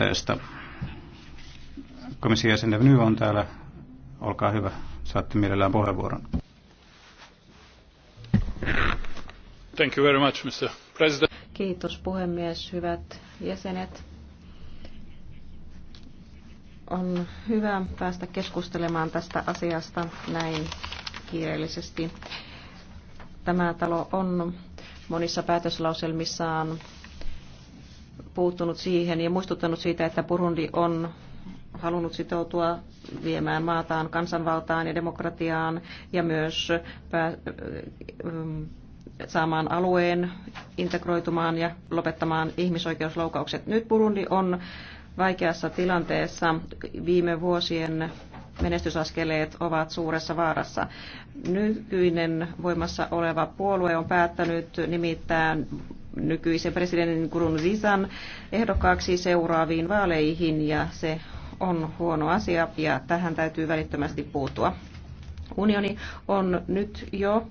aloitteesta. Komission jäsen Devny on täällä. Olkaa hyvä. Saatte mielellään puheenvuoron. Thank you very much, Mr. President. Kiitos puhemies, hyvät jäsenet. On hyvä päästä keskustelemaan tästä asiasta näin kiireellisesti. Tämä talo on monissa päätöslauselmissaan puuttunut siihen ja muistuttanut siitä, että Burundi on halunnut sitoutua viemään maataan kansanvaltaan ja demokratiaan ja myös ähm, saamaan alueen integroitumaan ja lopettamaan ihmisoikeusloukaukset. Nyt Burundi on vaikeassa tilanteessa. Viime vuosien menestysaskeleet ovat suuressa vaarassa. Nykyinen voimassa oleva puolue on päättänyt nimittäin nykyisen presidentin Grunzisan ehdokkaaksi seuraaviin vaaleihin ja se on huono asia ja tähän täytyy välittömästi puuttua. Unioni on nyt jo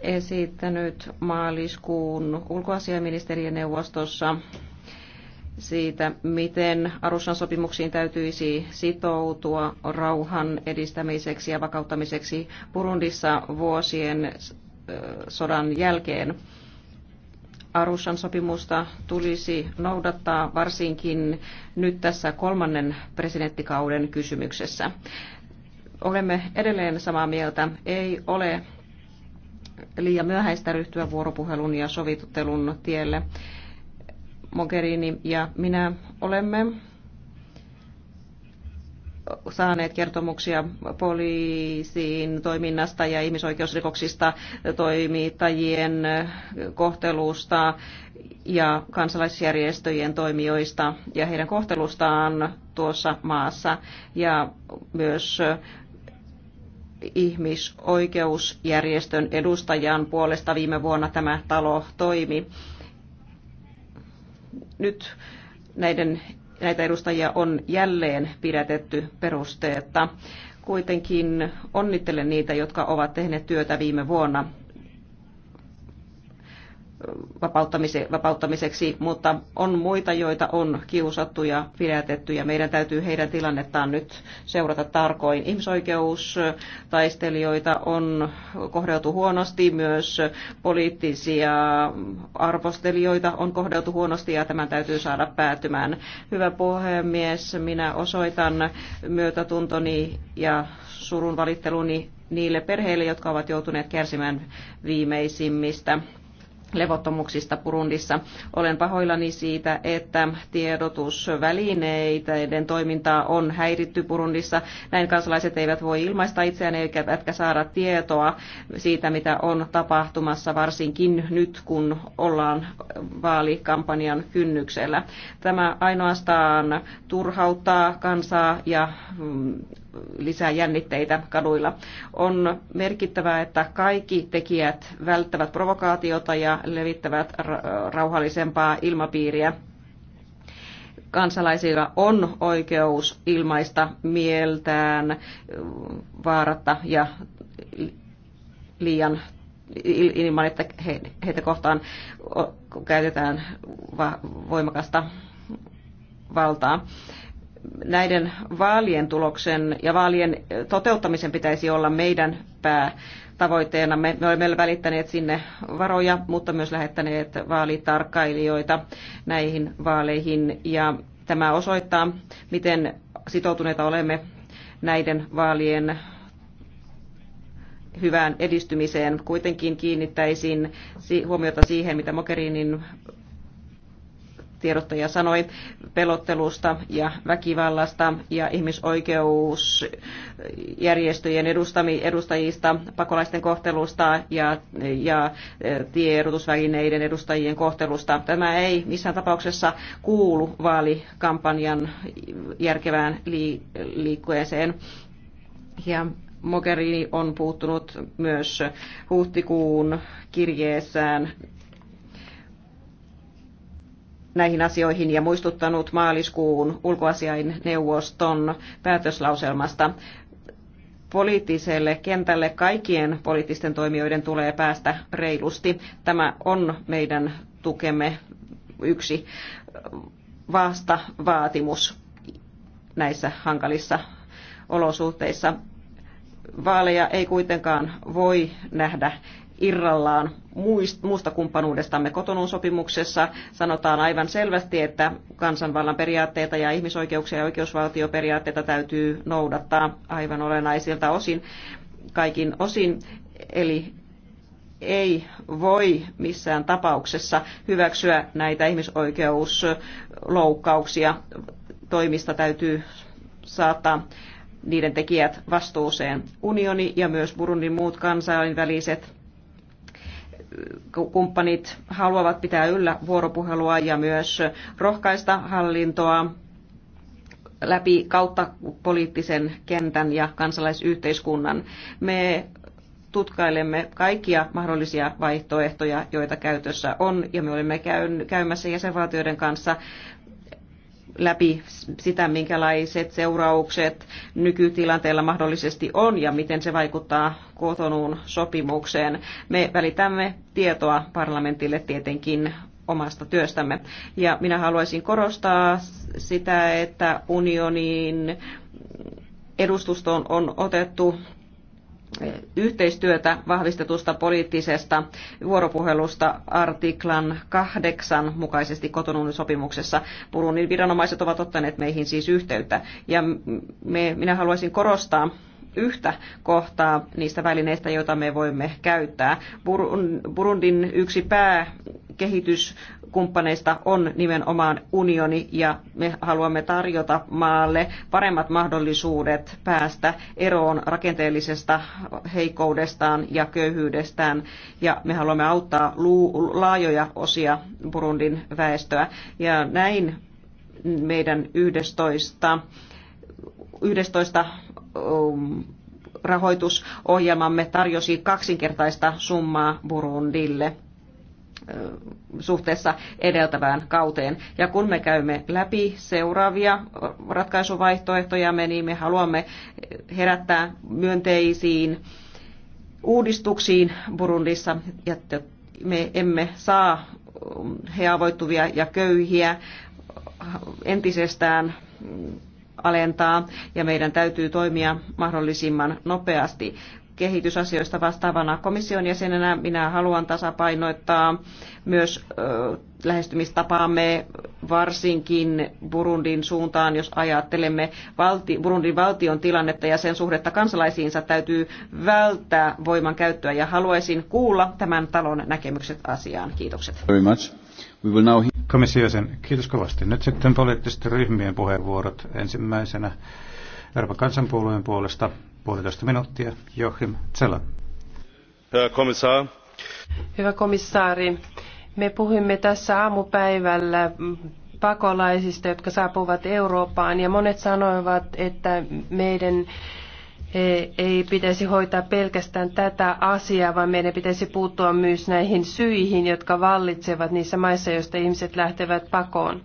esittänyt maaliskuun ulkoasiaministerien neuvostossa siitä, miten Arushan sopimuksiin täytyisi sitoutua rauhan edistämiseksi ja vakauttamiseksi Burundissa vuosien sodan jälkeen. Arushan sopimusta tulisi noudattaa varsinkin nyt tässä kolmannen presidenttikauden kysymyksessä. Olemme edelleen samaa mieltä. Ei ole liian myöhäistä ryhtyä vuoropuhelun ja sovittelun tielle. Mogherini ja minä olemme saaneet kertomuksia poliisiin toiminnasta ja ihmisoikeusrikoksista, toimittajien kohtelusta ja kansalaisjärjestöjen toimijoista ja heidän kohtelustaan tuossa maassa ja myös ihmisoikeusjärjestön edustajan puolesta viime vuonna tämä talo toimi. Nyt näiden näitä edustajia on jälleen pidätetty perusteetta. Kuitenkin onnittelen niitä, jotka ovat tehneet työtä viime vuonna vapauttamiseksi, mutta on muita, joita on kiusattu ja pidätetty ja meidän täytyy heidän tilannettaan nyt seurata tarkoin. Ihmisoikeustaistelijoita on kohdeltu huonosti, myös poliittisia arvostelijoita on kohdeltu huonosti ja tämän täytyy saada päätymään. Hyvä puhemies, minä osoitan myötätuntoni ja surun valitteluni niille perheille, jotka ovat joutuneet kärsimään viimeisimmistä levottomuuksista Burundissa. Olen pahoillani siitä, että tiedotusvälineiden toimintaa on häiritty Burundissa. Näin kansalaiset eivät voi ilmaista itseään eivätkä saada tietoa siitä, mitä on tapahtumassa, varsinkin nyt, kun ollaan vaalikampanjan kynnyksellä. Tämä ainoastaan turhauttaa kansaa ja mm, lisää jännitteitä kaduilla. On merkittävää, että kaikki tekijät välttävät provokaatiota ja levittävät rauhallisempaa ilmapiiriä kansalaisilla on oikeus ilmaista mieltään vaaratta ja liian ilman, että heitä kohtaan käytetään voimakasta valtaa näiden vaalien tuloksen ja vaalien toteuttamisen pitäisi olla meidän päätavoitteena. Me, me olemme välittäneet sinne varoja, mutta myös lähettäneet vaalitarkkailijoita näihin vaaleihin. Ja tämä osoittaa, miten sitoutuneita olemme näiden vaalien hyvään edistymiseen. Kuitenkin kiinnittäisin huomiota siihen, mitä Mokerinin tiedottaja sanoi pelottelusta ja väkivallasta ja ihmisoikeusjärjestöjen edustajista, pakolaisten kohtelusta ja, ja e, tiedotusvälineiden edustajien kohtelusta. Tämä ei missään tapauksessa kuulu vaalikampanjan järkevään liikkueeseen. Ja Mogherini on puuttunut myös huhtikuun kirjeessään näihin asioihin ja muistuttanut maaliskuun ulkoasiainneuvoston päätöslauselmasta poliittiselle kentälle kaikkien poliittisten toimijoiden tulee päästä reilusti. Tämä on meidän tukemme yksi vasta vaatimus näissä hankalissa olosuhteissa. Vaaleja ei kuitenkaan voi nähdä irrallaan muusta kumppanuudestamme kotonun sopimuksessa. Sanotaan aivan selvästi, että kansanvallan periaatteita ja ihmisoikeuksia ja oikeusvaltioperiaatteita täytyy noudattaa aivan olennaisilta osin, kaikin osin. Eli ei voi missään tapauksessa hyväksyä näitä ihmisoikeusloukkauksia. Toimista täytyy saattaa niiden tekijät vastuuseen. Unioni ja myös Burundin muut kansainväliset kumppanit haluavat pitää yllä vuoropuhelua ja myös rohkaista hallintoa läpi kautta poliittisen kentän ja kansalaisyhteiskunnan. Me tutkailemme kaikkia mahdollisia vaihtoehtoja, joita käytössä on, ja me olemme käymässä jäsenvaltioiden kanssa läpi sitä, minkälaiset seuraukset nykytilanteella mahdollisesti on ja miten se vaikuttaa kotonuun sopimukseen. Me välitämme tietoa parlamentille tietenkin omasta työstämme. Ja minä haluaisin korostaa sitä, että unionin edustustoon on otettu yhteistyötä vahvistetusta poliittisesta vuoropuhelusta artiklan kahdeksan mukaisesti kotonun sopimuksessa. Burundin viranomaiset ovat ottaneet meihin siis yhteyttä. Ja me, minä haluaisin korostaa yhtä kohtaa niistä välineistä, joita me voimme käyttää. Burundin yksi pää kehityskumppaneista on nimenomaan unioni ja me haluamme tarjota maalle paremmat mahdollisuudet päästä eroon rakenteellisesta heikoudestaan ja köyhyydestään ja me haluamme auttaa laajoja osia Burundin väestöä ja näin meidän 11, 11 um, rahoitusohjelmamme tarjosi kaksinkertaista summaa Burundille suhteessa edeltävään kauteen. Ja kun me käymme läpi seuraavia ratkaisuvaihtoehtoja, niin me haluamme herättää myönteisiin uudistuksiin Burundissa, että me emme saa heavoittuvia ja köyhiä entisestään alentaa ja meidän täytyy toimia mahdollisimman nopeasti kehitysasioista vastaavana komission jäsenenä minä haluan tasapainoittaa myös lähestymistapaamme varsinkin Burundin suuntaan, jos ajattelemme valti, Burundin valtion tilannetta ja sen suhdetta kansalaisiinsa täytyy välttää voiman käyttöä ja haluaisin kuulla tämän talon näkemykset asiaan. Kiitokset. Very much. We will now... Komission sen, kiitos kovasti. Nyt sitten poliittisten ryhmien puheenvuorot ensimmäisenä Euroopan kansanpuolueen puolesta. Puolitoista minuuttia. Joachim Zella. Herr Kommissar. Hyvä komissaari, me puhumme tässä aamupäivällä pakolaisista, jotka saapuvat Eurooppaan, ja monet sanoivat, että meidän e, ei pitäisi hoitaa pelkästään tätä asiaa, vaan meidän pitäisi puuttua myös näihin syihin, jotka vallitsevat niissä maissa, joista ihmiset lähtevät pakoon.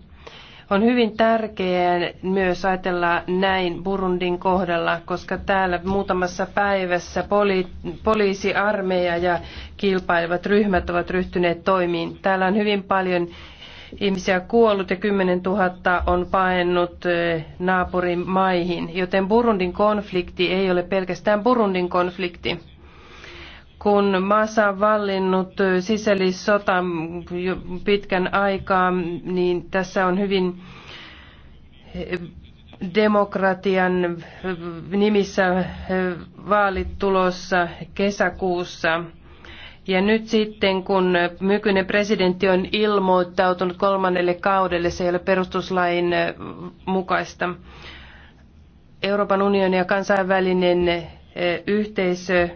On hyvin tärkeää myös ajatella näin Burundin kohdalla, koska täällä muutamassa päivässä poli, poliisi, armeija ja kilpailevat ryhmät ovat ryhtyneet toimiin. Täällä on hyvin paljon ihmisiä kuollut ja 10 000 on paennut naapurimaihin, maihin, joten Burundin konflikti ei ole pelkästään Burundin konflikti kun maassa on vallinnut sisällissota pitkän aikaa, niin tässä on hyvin eh, demokratian eh, nimissä eh, vaalit tulossa kesäkuussa. Ja nyt sitten, kun nykyinen presidentti on ilmoittautunut kolmannelle kaudelle, se ei ole perustuslain mukaista. Euroopan unioni ja kansainvälinen yhteisö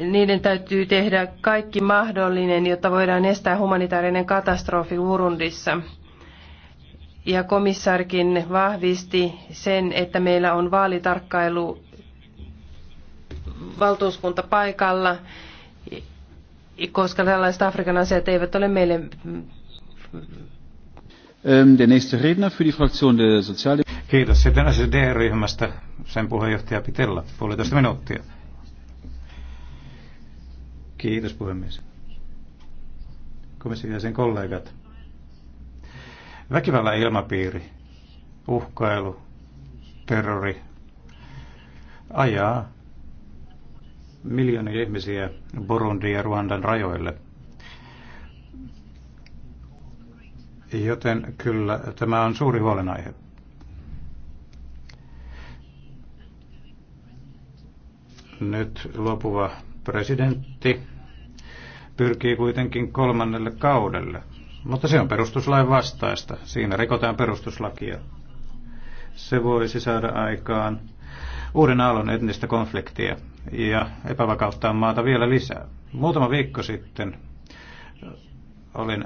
niiden täytyy tehdä kaikki mahdollinen, jotta voidaan estää humanitaarinen katastrofi Urundissa. Ja komissaarikin vahvisti sen, että meillä on vaalitarkkailu valtuuskunta paikalla, koska tällaiset Afrikan asiat eivät ole meille ähm, Der nächste Redner für die Fraktion der Sozial Kiitos. Sitten SD-ryhmästä sen puheenjohtaja Pitella, puolitoista minuuttia. Kiitos puhemies. Komission jäsen kollegat. Väkivallan ilmapiiri, uhkailu, terrori ajaa miljoonia ihmisiä Burundin ja Ruandan rajoille. Joten kyllä tämä on suuri huolenaihe. Nyt lopuva Presidentti pyrkii kuitenkin kolmannelle kaudelle, mutta se on perustuslain vastaista. Siinä rikotaan perustuslakia. Se voisi saada aikaan uuden aallon etnistä konfliktia ja epävakauttaa maata vielä lisää. Muutama viikko sitten olin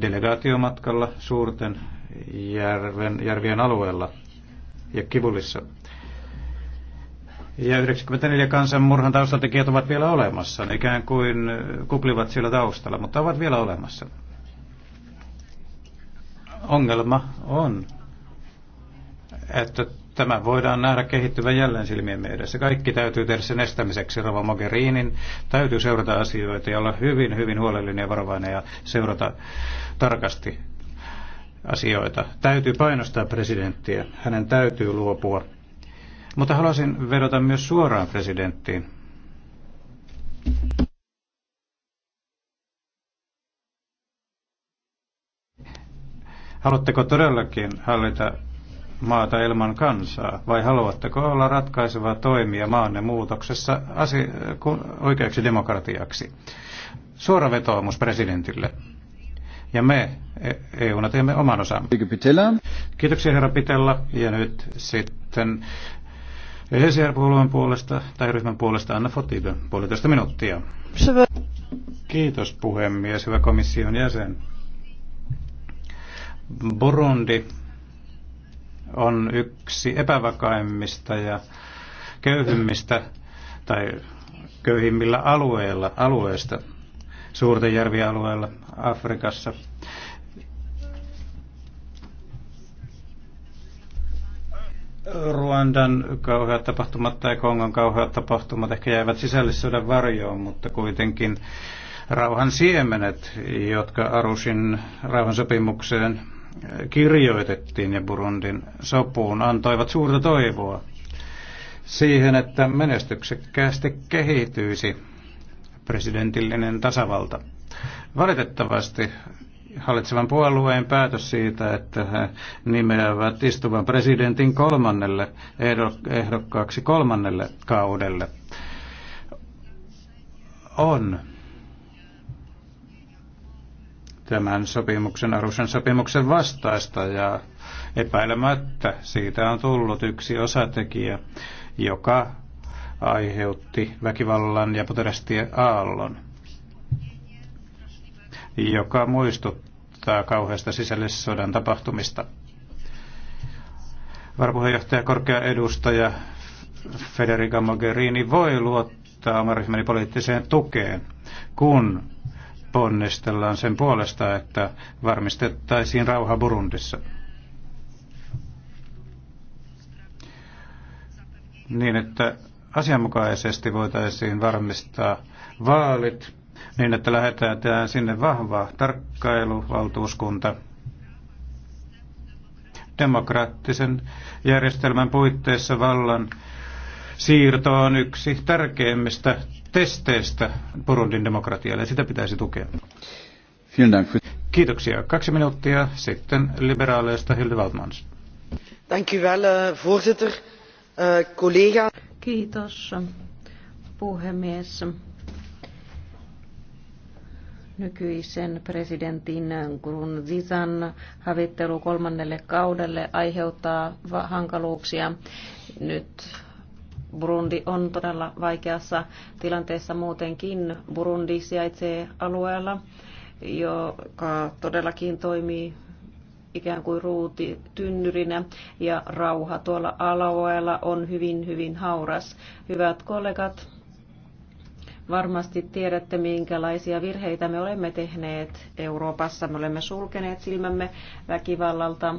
delegaatiomatkalla suurten järven, järvien alueella ja Kivulissa ja 94 kansanmurhan taustatekijät ovat vielä olemassa, ne ikään kuin äh, kuplivat sillä taustalla, mutta ovat vielä olemassa. Ongelma on, että tämä voidaan nähdä kehittyvän jälleen silmien edessä. Kaikki täytyy tehdä sen estämiseksi. Rova Mogherinin täytyy seurata asioita ja olla hyvin, hyvin huolellinen ja varovainen ja seurata tarkasti asioita. Täytyy painostaa presidenttiä. Hänen täytyy luopua mutta haluaisin vedota myös suoraan presidenttiin. Haluatteko todellakin hallita maata ilman kansaa, vai haluatteko olla ratkaiseva toimija maanne muutoksessa oikeaksi demokratiaksi? Suora vetoomus presidentille. Ja me e- EUna teemme oman osan. Kiitoksia herra Pitella. Ja nyt sitten ECR-puolueen puolesta tai ryhmän puolesta Anna Fotiga, puolitoista minuuttia. Kiitos puhemies, hyvä komission jäsen. Burundi on yksi epävakaimmista ja köyhimmistä tai köyhimmillä alueilla, alueista, suurten järvialueilla Afrikassa – Ruandan kauheat tapahtumat tai Kongon kauheat tapahtumat ehkä jäivät sisällissodan varjoon, mutta kuitenkin rauhan siemenet, jotka Arusin rauhansopimukseen kirjoitettiin ja Burundin sopuun, antoivat suurta toivoa siihen, että menestyksekkäästi kehityisi presidentillinen tasavalta. Valitettavasti hallitsevan puolueen päätös siitä, että he nimeävät istuvan presidentin kolmannelle ehdokkaaksi kolmannelle kaudelle, on tämän sopimuksen, Arusen sopimuksen vastaista ja epäilemättä siitä on tullut yksi osatekijä, joka aiheutti väkivallan ja poterastien aallon joka muistuttaa kauheasta sisällissodan tapahtumista. Varapuheenjohtaja korkea edustaja Federica Mogherini voi luottaa oman ryhmäni poliittiseen tukeen, kun ponnistellaan sen puolesta, että varmistettaisiin rauha Burundissa. Niin, että asianmukaisesti voitaisiin varmistaa vaalit niin, että tämä sinne vahva tarkkailuvaltuuskunta demokraattisen järjestelmän puitteissa vallan siirto on yksi tärkeimmistä testeistä Burundin demokratialle ja sitä pitäisi tukea. Kiitoksia. Kaksi minuuttia sitten liberaaleista Hilde Waldmans. Dank u wel, eh, voorzitter. Eh, collega. Kiitos, puhemies nykyisen presidentin Grunzizan havittelu kolmannelle kaudelle aiheuttaa hankaluuksia. Nyt Burundi on todella vaikeassa tilanteessa muutenkin. Burundi sijaitsee alueella, joka todellakin toimii ikään kuin ruuti tynnyrinä ja rauha tuolla alueella on hyvin, hyvin hauras. Hyvät kollegat, Varmasti tiedätte, minkälaisia virheitä me olemme tehneet Euroopassa. Me olemme sulkeneet silmämme väkivallalta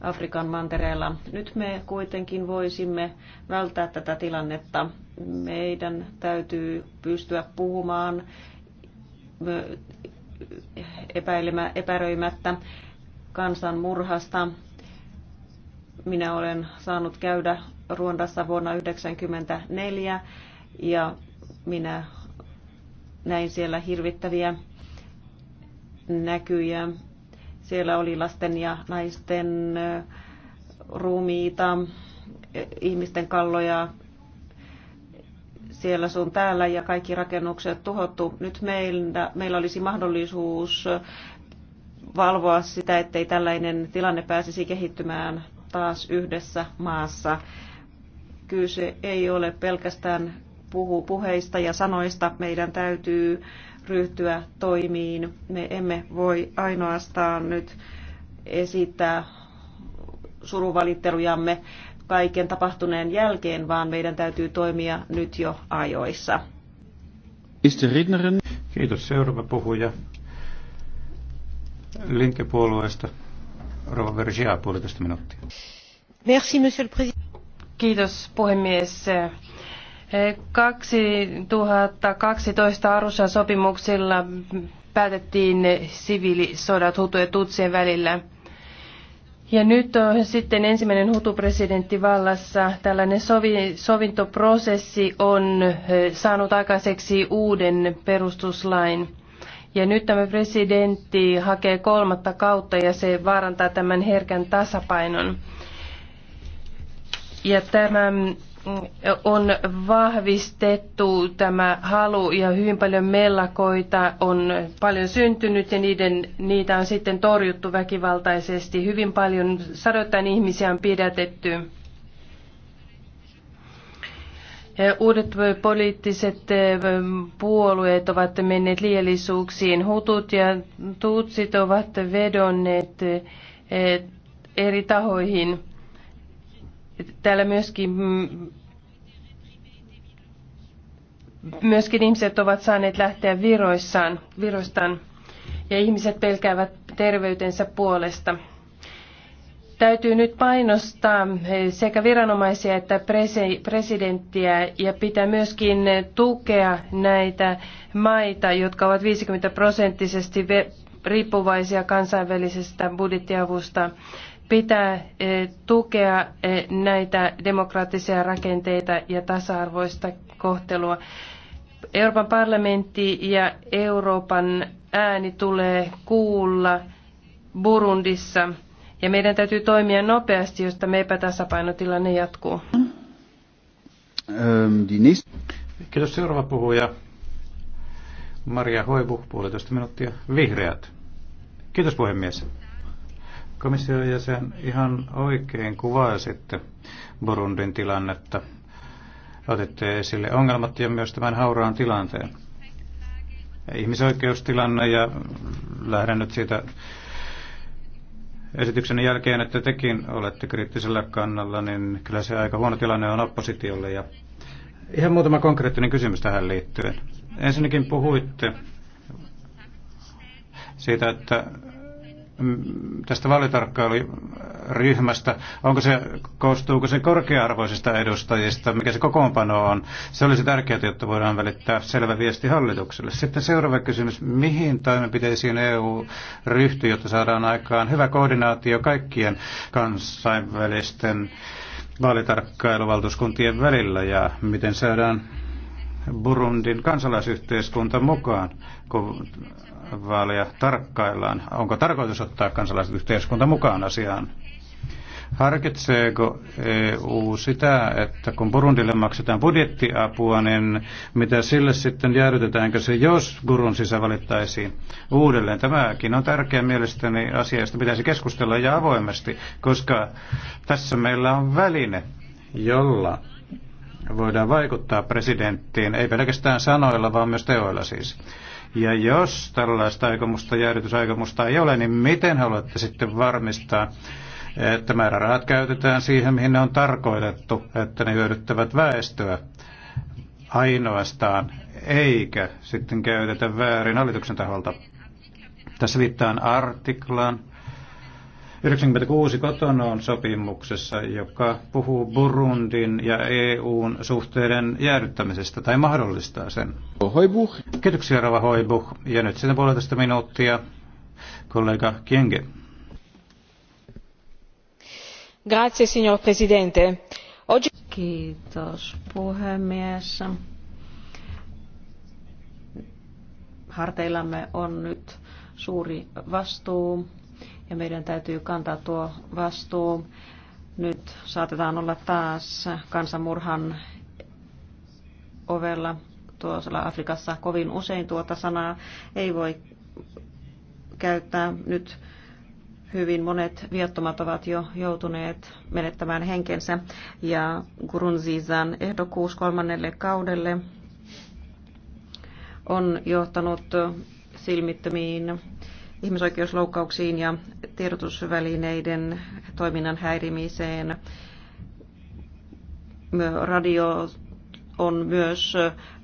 Afrikan mantereella. Nyt me kuitenkin voisimme välttää tätä tilannetta. Meidän täytyy pystyä puhumaan epäröimättä kansan murhasta. Minä olen saanut käydä Ruondassa vuonna 1994 ja minä näin siellä hirvittäviä näkyjä. Siellä oli lasten ja naisten ruumiita, e, ihmisten kalloja siellä sun täällä ja kaikki rakennukset tuhottu. Nyt meillä, meillä olisi mahdollisuus valvoa sitä, ettei tällainen tilanne pääsisi kehittymään taas yhdessä maassa. Kyse ei ole pelkästään puhuu puheista ja sanoista. Meidän täytyy ryhtyä toimiin. Me emme voi ainoastaan nyt esittää suruvalittelujamme kaiken tapahtuneen jälkeen, vaan meidän täytyy toimia nyt jo ajoissa. Kiitos. Seuraava puhuja Linkepuolueesta. Rova Vergia, puolitoista minuuttia. Merci, monsieur le président. Kiitos puhemies. 2012 Arusan sopimuksilla päätettiin siviilisodat Hutujen ja Tutsien välillä. Ja nyt on sitten ensimmäinen Hutu-presidentti vallassa. Tällainen sovi, sovintoprosessi on saanut aikaiseksi uuden perustuslain. Ja nyt tämä presidentti hakee kolmatta kautta ja se vaarantaa tämän herkän tasapainon. Ja tämä on vahvistettu tämä halu ja hyvin paljon mellakoita on paljon syntynyt ja niiden, niitä on sitten torjuttu väkivaltaisesti. Hyvin paljon sadoittain ihmisiä on pidätetty. Uudet poliittiset eh, puolueet ovat menneet liiallisuuksiin. Hutut ja tutsit ovat vedonneet eh, eri tahoihin. Täällä myöskin, mm, myöskin ihmiset ovat saaneet lähteä viroissaan, viroistaan ja ihmiset pelkäävät terveytensä puolesta. Täytyy nyt painostaa sekä viranomaisia että presidenttiä ja pitää myöskin tukea näitä maita, jotka ovat 50 prosenttisesti riippuvaisia kansainvälisestä budjettiavusta. Pitää eh, tukea eh, näitä demokraattisia rakenteita ja tasa-arvoista kohtelua. Euroopan parlamentti ja Euroopan ääni tulee kuulla Burundissa. Ja meidän täytyy toimia nopeasti, josta me epätasapainotilanne jatkuu. Ähm, Kiitos seuraava puhuja. Maria Hoivu, puolitoista minuuttia. Vihreät. Kiitos puhemies. Komission jäsen ihan oikein kuvasitte Burundin tilannetta. Otitte esille ongelmat ja myös tämän hauraan tilanteen. Ihmisoikeustilanne ja lähden nyt siitä esityksen jälkeen, että tekin olette kriittisellä kannalla, niin kyllä se aika huono tilanne on oppositiolle. Ja ihan muutama konkreettinen kysymys tähän liittyen. Ensinnäkin puhuitte siitä, että tästä vaalitarkkailuryhmästä, onko se, koostuuko se korkea-arvoisista edustajista, mikä se kokoonpano on. Se olisi tärkeää, jotta voidaan välittää selvä viesti hallitukselle. Sitten seuraava kysymys, mihin toimenpiteisiin EU ryhtyy, jotta saadaan aikaan hyvä koordinaatio kaikkien kansainvälisten vaalitarkkailuvaltuuskuntien välillä ja miten saadaan Burundin kansalaisyhteiskunta mukaan, kun vaaleja tarkkaillaan. Onko tarkoitus ottaa kansalaisyhteiskunta mukaan asiaan? Harkitseeko EU sitä, että kun Burundille maksetaan budjettiapua, niin mitä sille sitten jäädytetäänkö se, jos Gurun sisä valittaisiin uudelleen? Tämäkin on tärkeä mielestäni asia, josta pitäisi keskustella ja avoimesti, koska tässä meillä on väline, jolla voidaan vaikuttaa presidenttiin, ei pelkästään sanoilla, vaan myös teoilla siis. Ja jos tällaista aikomusta, jäädytysaikomusta ei ole, niin miten haluatte sitten varmistaa, että määrärahat käytetään siihen, mihin ne on tarkoitettu, että ne hyödyttävät väestöä ainoastaan, eikä sitten käytetä väärin hallituksen taholta. Tässä viittaan artiklaan 96 kotonoon sopimuksessa, joka puhuu Burundin ja EUn suhteiden jäädyttämisestä tai mahdollistaa sen. Hoibuh. Kiitoksia Rava Hoibuh. Ja nyt sitten puolitoista minuuttia kollega Kienge. Grazie, signor Presidente. Oggi... Kiitos puhemies. Harteillamme on nyt suuri vastuu ja meidän täytyy kantaa tuo vastuu. Nyt saatetaan olla taas kansanmurhan ovella tuolla Afrikassa. Kovin usein tuota sanaa ei voi käyttää. Nyt hyvin monet viattomat ovat jo joutuneet menettämään henkensä ja Gurunzizan ehdokkuus kolmannelle kaudelle on johtanut silmittömiin ihmisoikeusloukkauksiin ja tiedotusvälineiden toiminnan häirimiseen. Radio on myös,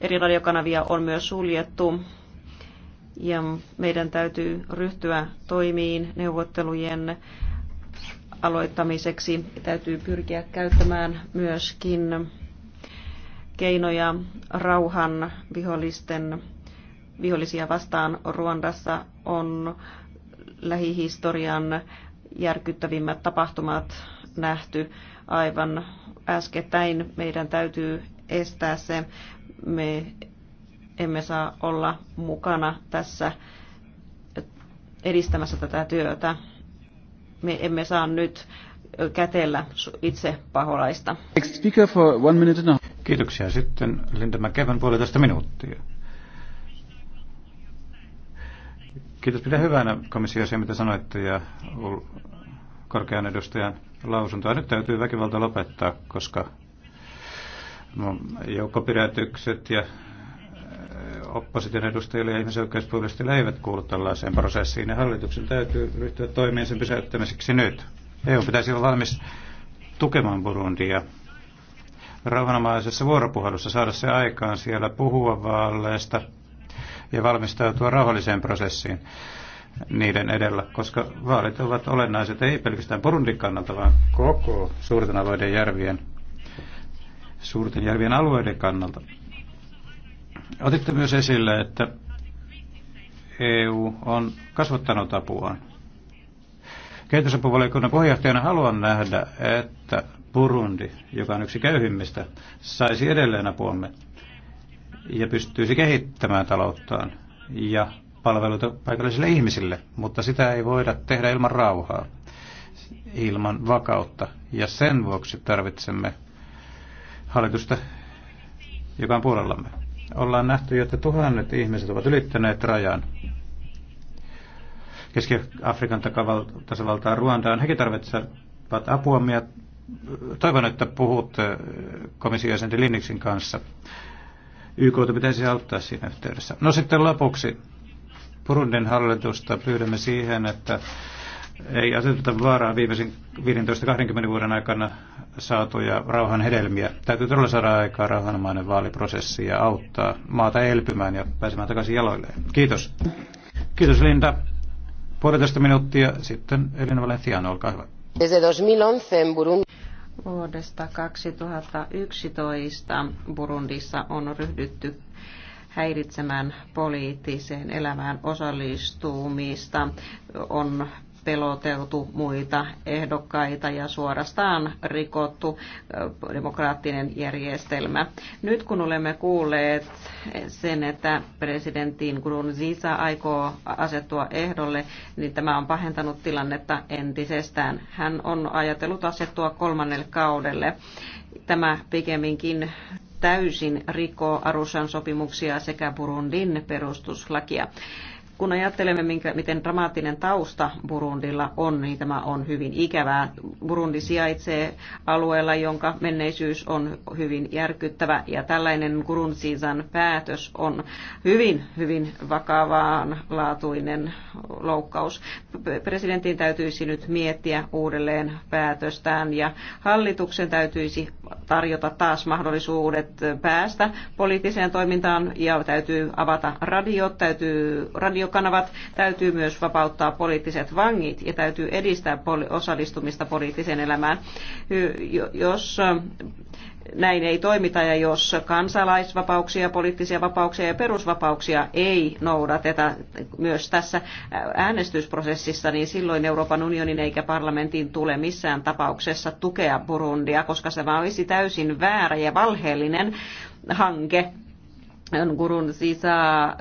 eri radiokanavia on myös suljettu ja meidän täytyy ryhtyä toimiin neuvottelujen aloittamiseksi. Täytyy pyrkiä käyttämään myöskin keinoja rauhan vihollisten vihollisia vastaan Ruandassa on lähihistorian järkyttävimmät tapahtumat nähty aivan äskettäin. Meidän täytyy estää se. Me emme saa olla mukana tässä edistämässä tätä työtä. Me emme saa nyt kätellä itse paholaista. Kiitoksia. Sitten Linda McKevän puolitoista minuuttia. Kiitos. Pidän hyvänä komissio se, mitä sanoitte ja korkean edustajan lausuntoa. Nyt täytyy väkivalta lopettaa, koska joukkopidätykset ja opposition edustajille ja ihmisoikeuspuolustajille eivät kuulu tällaiseen prosessiin. Ja hallituksen täytyy ryhtyä toimeen sen pysäyttämiseksi nyt. EU pitäisi olla valmis tukemaan Burundia rauhanomaisessa vuoropuhelussa, saada se aikaan siellä puhua vaaleista – ja valmistautua rauhalliseen prosessiin niiden edellä, koska vaalit ovat olennaiset ei pelkästään Burundin kannalta, vaan koko suurten alueiden järvien, suurten järvien alueiden kannalta. Otitte myös esille, että EU on kasvattanut apuaan. Kehitysapuvaliokunnan puheenjohtajana haluan nähdä, että Burundi, joka on yksi köyhimmistä, saisi edelleen apuamme ja pystyisi kehittämään talouttaan ja palveluita paikallisille ihmisille, mutta sitä ei voida tehdä ilman rauhaa, ilman vakautta. Ja sen vuoksi tarvitsemme hallitusta, joka on puolellamme. Ollaan nähty, että tuhannet ihmiset ovat ylittäneet rajan. Keski-Afrikan tasavaltaa Ruandaan. Hekin tarvitsevat apua. toivon, että puhut eh, komission jäsenten Linniksin kanssa YK pitäisi auttaa siinä yhteydessä. No sitten lopuksi Burundin hallitusta pyydämme siihen, että ei aseteta vaaraa viimeisen 15-20 vuoden aikana saatuja rauhan hedelmiä. Täytyy todella saada aikaa rauhanomainen vaaliprosessi ja auttaa maata elpymään ja pääsemään takaisin jaloilleen. Kiitos. Kiitos Linda. Puolitoista minuuttia sitten Elina Valenciano, olkaa hyvä. Desde 2011 en Burundi. Vuodesta 2011 Burundissa on ryhdytty häiritsemään poliittiseen elämään osallistumista. On peloteltu muita ehdokkaita ja suorastaan rikottu demokraattinen järjestelmä. Nyt kun olemme kuulleet sen, että presidentin Zisa aikoo asettua ehdolle, niin tämä on pahentanut tilannetta entisestään. Hän on ajatellut asettua kolmannelle kaudelle. Tämä pikemminkin täysin rikoo Arushan sopimuksia sekä Burundin perustuslakia. Kun ajattelemme, minkä, miten dramaattinen tausta Burundilla on, niin tämä on hyvin ikävää. Burundi sijaitsee alueella, jonka menneisyys on hyvin järkyttävä, ja tällainen Kurunsiisan päätös on hyvin, hyvin vakavaan laatuinen loukkaus. Presidentin täytyisi nyt miettiä uudelleen päätöstään, ja hallituksen täytyisi tarjota taas mahdollisuudet päästä poliittiseen toimintaan ja täytyy avata radiot, täytyy, radiokanavat, täytyy myös vapauttaa poliittiset vangit ja täytyy edistää osallistumista poliittiseen elämään. Jos näin ei toimita ja jos kansalaisvapauksia, poliittisia vapauksia ja perusvapauksia ei noudateta myös tässä äänestysprosessissa, niin silloin Euroopan unionin eikä parlamentin tule missään tapauksessa tukea Burundia, koska se vaan olisi täysin väärä ja valheellinen hanke Gurun sisä äh,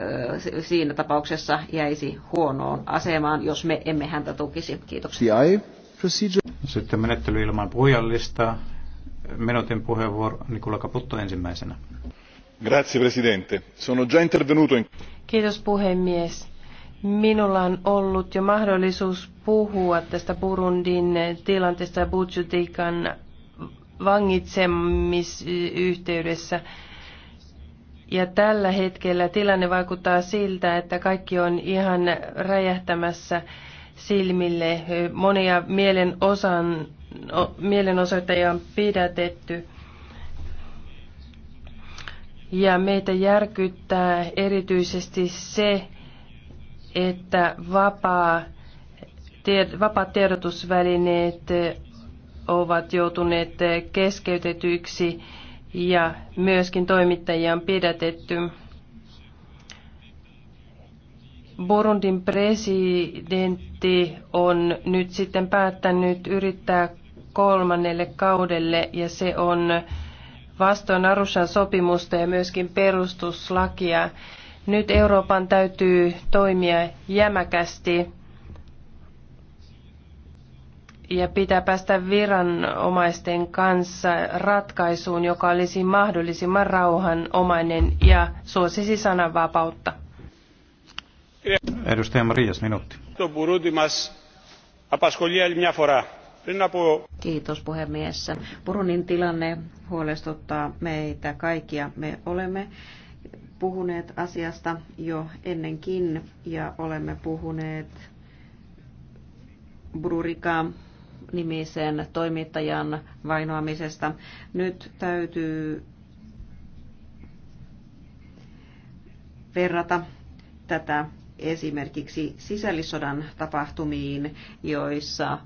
siinä tapauksessa jäisi huonoon asemaan, jos me emme häntä tukisi. Kiitoksia. Sitten menettely ilman puhujallista minuutin puheenvuoro Nikula Kaputto ensimmäisenä. Grazie, presidente. Sono già intervenuto in... Kiitos puhemies. Minulla on ollut jo mahdollisuus puhua tästä Burundin tilanteesta Butchutikan vangitsemisyhteydessä. Ja tällä hetkellä tilanne vaikuttaa siltä, että kaikki on ihan räjähtämässä silmille. Monia mielenosan mielenosoittajia on pidätetty. Ja meitä järkyttää erityisesti se, että vapaa, tied, vapaat tiedotusvälineet ovat joutuneet keskeytetyiksi ja myöskin toimittajia on pidätetty. Burundin presidentti on nyt sitten päättänyt yrittää kolmannelle kaudelle ja se on vastoin Arushan sopimusta ja myöskin perustuslakia. Nyt Euroopan täytyy toimia jämäkästi ja pitää päästä viranomaisten kanssa ratkaisuun, joka olisi mahdollisimman rauhanomainen ja suosisi sananvapautta. Edustaja Marias, minuutti. Kiitos puhemies. Burundin tilanne huolestuttaa meitä kaikkia. Me olemme puhuneet asiasta jo ennenkin ja olemme puhuneet Brurika nimisen toimittajan vainoamisesta. Nyt täytyy verrata tätä esimerkiksi sisällissodan tapahtumiin, joissa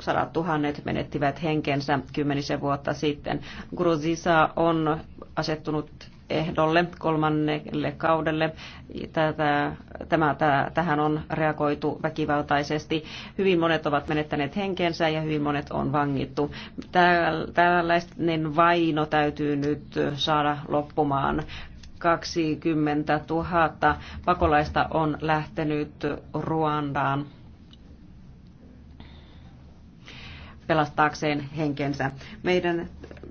sadat tuhannet menettivät henkensä kymmenisen vuotta sitten. Gruzisa on asettunut ehdolle kolmannelle kaudelle. Tätä, tämä, tämä, tähän on reagoitu väkivaltaisesti. Hyvin monet ovat menettäneet henkensä ja hyvin monet on vangittu. Tällainen vaino täytyy nyt saada loppumaan. 20 000 pakolaista on lähtenyt Ruandaan pelastaakseen henkensä. Meidän,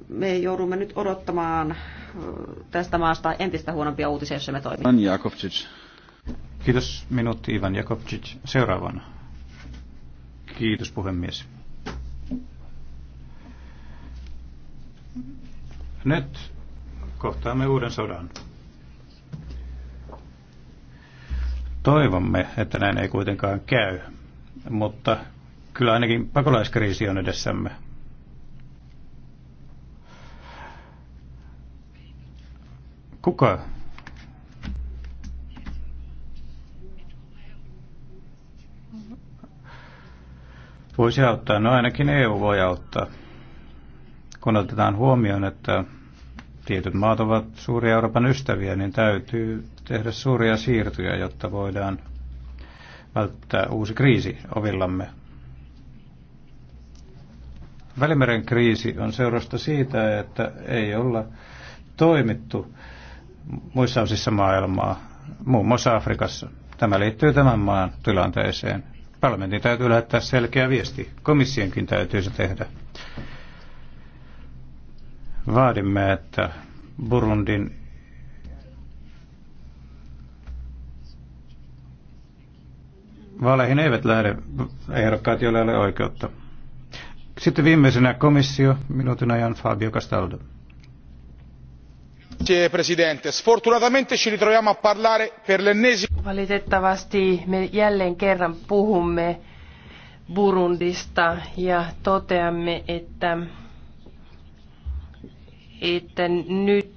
me joudumme nyt odottamaan tästä maasta entistä huonompia uutisia, jos me toimimme. Kiitos minuutti Ivan Jakovčić. Seuraavana. Kiitos puhemies. Nyt kohtaamme uuden sodan. Toivomme, että näin ei kuitenkaan käy, mutta kyllä ainakin pakolaiskriisi on edessämme. Kuka voisi auttaa? No ainakin EU voi auttaa. Kun otetaan huomioon, että tietyt maat ovat suuria Euroopan ystäviä, niin täytyy tehdä suuria siirtoja, jotta voidaan välttää uusi kriisi ovillamme. Välimeren kriisi on seurasta siitä, että ei olla toimittu muissa osissa maailmaa, muun muassa Afrikassa. Tämä liittyy tämän maan tilanteeseen. Parlamentin täytyy lähettää selkeä viesti. Komissionkin täytyy se tehdä. Vaadimme, että Burundin vaaleihin eivät lähde ehdokkaat, joilla ei ole oikeutta. Sitten viimeisenä komissio, minuutin ajan Fabio Castaldo. Valitettavasti me jälleen kerran puhumme Burundista ja toteamme, että että nyt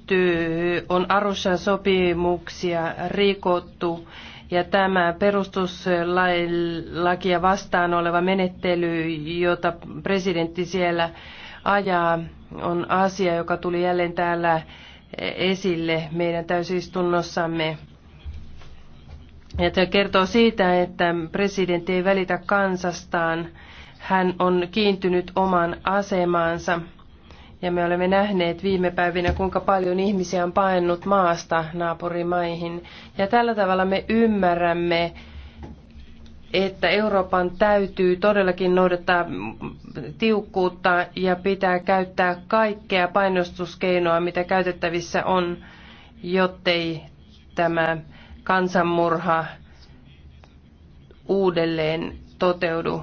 on Arushan sopimuksia rikottu ja tämä perustuslakia vastaan oleva menettely, jota presidentti siellä ajaa, on asia, joka tuli jälleen täällä esille meidän täysistunnossamme. Ja tämä kertoo siitä, että presidentti ei välitä kansastaan. Hän on kiintynyt omaan asemaansa. Ja me olemme nähneet viime päivinä, kuinka paljon ihmisiä on paennut maasta naapurimaihin. Ja tällä tavalla me ymmärrämme, että Euroopan täytyy todellakin noudattaa tiukkuutta ja pitää käyttää kaikkea painostuskeinoa, mitä käytettävissä on, jottei tämä kansanmurha uudelleen toteudu.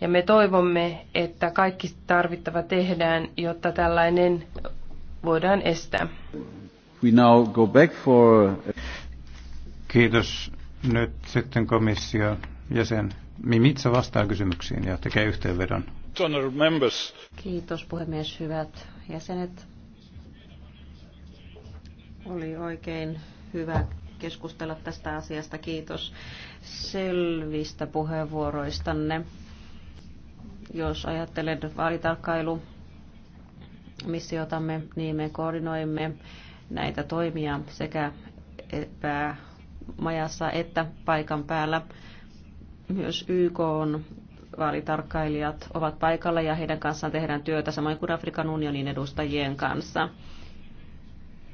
Ja me toivomme, että kaikki tarvittava tehdään, jotta tällainen voidaan estää. We now go back for... Kiitos. Nyt sitten komissio jäsen Mimitsa vastaa kysymyksiin ja tekee yhteenvedon. Kiitos puhemies, hyvät jäsenet. Oli oikein hyvä keskustella tästä asiasta. Kiitos selvistä puheenvuoroistanne. Jos ajattelen vaalitarkkailu missiotamme, niin me koordinoimme näitä toimia sekä päämajassa että paikan päällä. Myös YK on vaalitarkkailijat ovat paikalla ja heidän kanssaan tehdään työtä samoin kuin Afrikan unionin edustajien kanssa.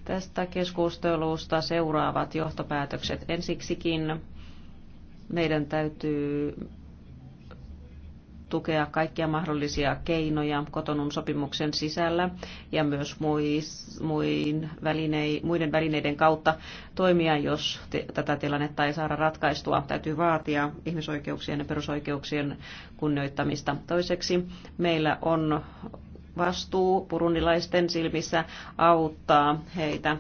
Tästä keskustelusta seuraavat johtopäätökset. Ensiksikin meidän täytyy tukea kaikkia mahdollisia keinoja kotonun sopimuksen sisällä ja myös muin välinei, muiden välineiden kautta toimia, jos te, tätä tilannetta ei saada ratkaistua. Täytyy vaatia ihmisoikeuksien ja perusoikeuksien kunnioittamista. Toiseksi meillä on vastuu purunilaisten silmissä auttaa heitä,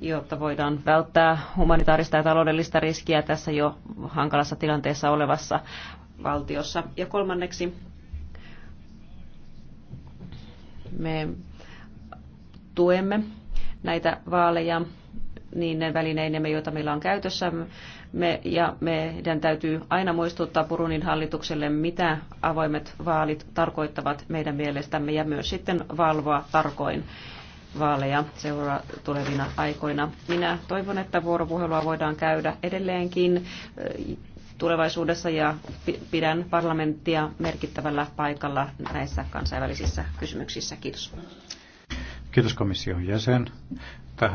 jotta voidaan välttää humanitaarista ja taloudellista riskiä tässä jo hankalassa tilanteessa olevassa valtiossa. Ja kolmanneksi me tuemme näitä vaaleja niin ne välineinemme, joita meillä on käytössä. Me, ja meidän täytyy aina muistuttaa Purunin hallitukselle, mitä avoimet vaalit tarkoittavat meidän mielestämme ja myös sitten valvoa tarkoin vaaleja seura tulevina aikoina. Minä toivon, että vuoropuhelua voidaan käydä edelleenkin tulevaisuudessa ja pidän parlamenttia merkittävällä paikalla näissä kansainvälisissä kysymyksissä. Kiitos. Kiitos komission jäsen.